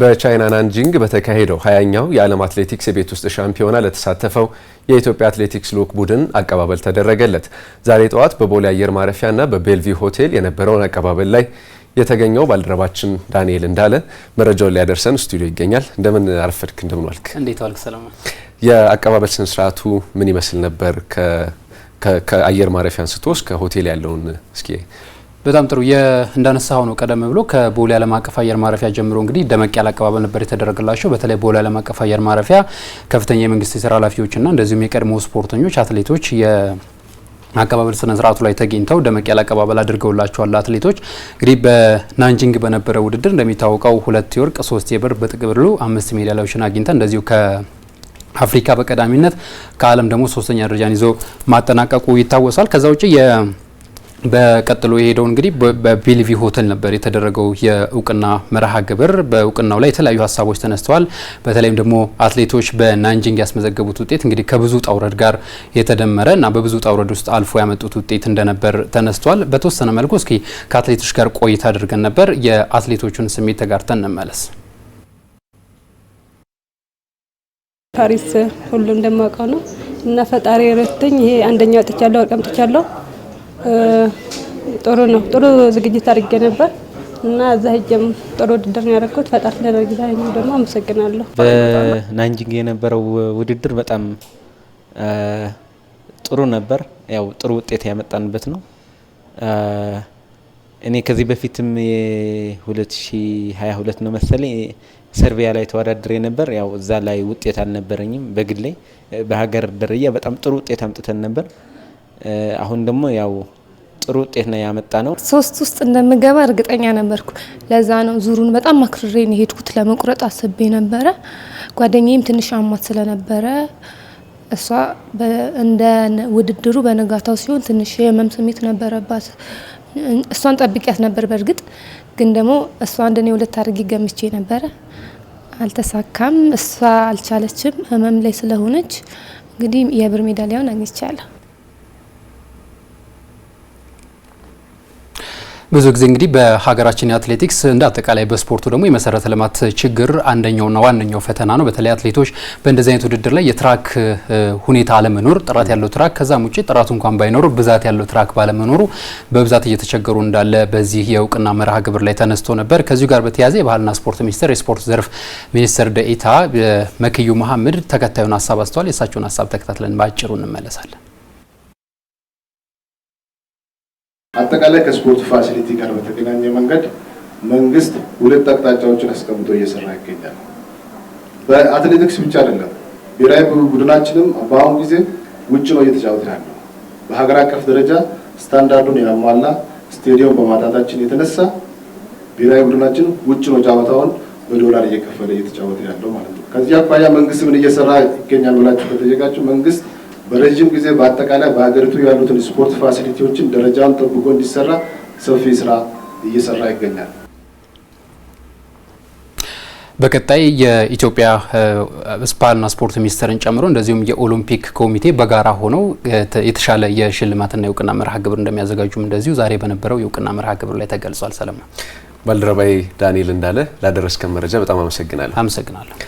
በቻይና ናንጂንግ በተካሄደው ሀያኛው የዓለም አትሌቲክስ የቤት ውስጥ ሻምፒዮና ለተሳተፈው የኢትዮጵያ አትሌቲክስ ልዑክ ቡድን አቀባበል ተደረገለት። ዛሬ ጠዋት በቦሌ አየር ማረፊያና በቤልቪ ሆቴል የነበረውን አቀባበል ላይ የተገኘው ባልደረባችን ዳንኤል እንዳለ መረጃውን ሊያደርሰን ስቱዲዮ ይገኛል። እንደምን አረፈድክ? እንደምን ዋልክ? እንዴት ዋልክ ሰለሞን? የአቀባበል ስነ ምን ይመስል ነበር? ከአየር ማረፊያ አንስቶ እስከ ሆቴል ያለውን እስኪ በጣም ጥሩ እንዳነሳው ነው። ቀደም ብሎ ከቦሌ ዓለም አቀፍ አየር ማረፊያ ጀምሮ እንግዲህ ደመቅ ያለ አቀባበል ነበር የተደረገላቸው። በተለይ ቦሌ ዓለም አቀፍ አየር ማረፊያ ከፍተኛ የመንግስት የስራ ኃላፊዎችና እንደዚሁም የቀድሞ ስፖርተኞች፣ አትሌቶች አቀባበል ስነ ስርዓቱ ላይ ተገኝተው ደመቅ ያለ አቀባበል አድርገውላቸዋል። አትሌቶች እንግዲህ በናንጂንግ በነበረ ውድድር እንደሚታወቀው ሁለት የወርቅ ሶስት የብር በጥቅሉ አምስት ሜዳሊያዎችን አግኝተን እንደዚሁ ከአፍሪካ በቀዳሚነት ከዓለም ደግሞ ሶስተኛ ደረጃን ይዞ ማጠናቀቁ ይታወሳል። ከዛ ውጭ በቀጥሎ የሄደው እንግዲህ በቤልቪ ሆቴል ነበር የተደረገው የእውቅና መርሃ ግብር። በእውቅናው ላይ የተለያዩ ሀሳቦች ተነስተዋል። በተለይም ደግሞ አትሌቶች በናንጂንግ ያስመዘገቡት ውጤት እንግዲህ ከብዙ ጣውረድ ጋር የተደመረ እና በብዙ ጣውረድ ውስጥ አልፎ ያመጡት ውጤት እንደነበር ተነስተዋል። በተወሰነ መልኩ እስኪ ከአትሌቶች ጋር ቆይታ አድርገን ነበር። የአትሌቶቹን ስሜት ተጋርተን እንመለስ። ፓሪስ ሁሉ እንደማውቀው ነው እና ፈጣሪ ረድቶኝ ይሄ አንደኛ ወጥቻለሁ፣ ወርቅ አምጥቻለሁ ጥሩ ነው። ጥሩ ዝግጅት አድርጌ ነበር እና እዛ ሄጄም ጥሩ ውድድር ነው ያደረኩት። ፈጣሪ ለድርጊታ ደግሞ አመሰግናለሁ። በናንጂንግ የነበረው ውድድር በጣም ጥሩ ነበር። ያው ጥሩ ውጤት ያመጣንበት ነው። እኔ ከዚህ በፊትም የ2022 ነው መሰለኝ ሰርቢያ ላይ ተወዳድሬ ነበር። ያው እዛ ላይ ውጤት አልነበረኝም በግሌ። በሀገር ደረጃ በጣም ጥሩ ውጤት አምጥተን ነበር። አሁን ደግሞ ያው ጥሩ ውጤት ነው ያመጣ ነው። ሶስት ውስጥ እንደምገባ እርግጠኛ ነበርኩ። ለዛ ነው ዙሩን በጣም አክርሬ ነው የሄድኩት። ለመቁረጥ አስቤ ነበረ። ጓደኛዬም ትንሽ አሟት ስለነበረ እሷ እንደ ውድድሩ በነጋታው ሲሆን ትንሽ የህመም ስሜት ነበረባት። እሷን ጠብቂያት ነበር። በእርግጥ ግን ደግሞ እሷ አንድ ሁለት አድርጌ ገምቼ ነበረ። አልተሳካም። እሷ አልቻለችም፣ ህመም ላይ ስለሆነች እንግዲህ የብር ሜዳሊያውን አግኝቻለሁ። ብዙ ጊዜ እንግዲህ በሀገራችን የአትሌቲክስ እንደ አጠቃላይ በስፖርቱ ደግሞ የመሰረተ ልማት ችግር አንደኛውና ዋነኛው ፈተና ነው። በተለይ አትሌቶች በእንደዚህ አይነት ውድድር ላይ የትራክ ሁኔታ አለመኖር፣ ጥራት ያለው ትራክ ከዛም ውጭ ጥራቱ እንኳን ባይኖሩ ብዛት ያለው ትራክ ባለመኖሩ በብዛት እየተቸገሩ እንዳለ በዚህ የእውቅና መርሃ ግብር ላይ ተነስቶ ነበር። ከዚሁ ጋር በተያያዘ የባህልና ስፖርት ሚኒስቴር የስፖርት ዘርፍ ሚኒስትር ደኢታ መክዩ መሀመድ ተከታዩን ሀሳብ አስተዋል። የእሳቸውን ሀሳብ ተከታትለን በአጭሩ እንመለሳለን። አጠቃላይ ከስፖርት ፋሲሊቲ ጋር በተገናኘ መንገድ መንግስት ሁለት አቅጣጫዎችን አስቀምጦ እየሰራ ይገኛል። በአትሌቲክስ ብቻ አይደለም። ብሔራዊ ቡድናችንም በአሁኑ ጊዜ ውጭ ነው እየተጫወተ ያለው። በሀገር አቀፍ ደረጃ ስታንዳርዱን ያሟላ ስቴዲየም በማጣታችን የተነሳ ብሔራዊ ቡድናችን ውጭ ነው ጨዋታውን በዶላር እየከፈለ እየተጫወተ ያለው ማለት ነው። ከዚህ አኳያ መንግስት ምን እየሰራ ይገኛል ብላችሁ ከጠየቃችሁ መንግስት በረዥም ጊዜ በአጠቃላይ በሀገሪቱ ያሉትን ስፖርት ፋሲሊቲዎችን ደረጃውን ጠብቆ እንዲሰራ ሰፊ ስራ እየሰራ ይገኛል። በቀጣይ የኢትዮጵያ ስፓና ስፖርት ሚኒስቴርን ጨምሮ እንደዚሁም የኦሎምፒክ ኮሚቴ በጋራ ሆነው የተሻለ የሽልማትና የእውቅና መርሃ ግብር እንደሚያዘጋጁም እንደዚሁ ዛሬ በነበረው የእውቅና መርሃ ግብር ላይ ተገልጿል። ሰለማ ባልደረባዬ ዳንኤል እንዳለ ላደረስከን መረጃ በጣም አመሰግናለሁ። አመሰግናለሁ።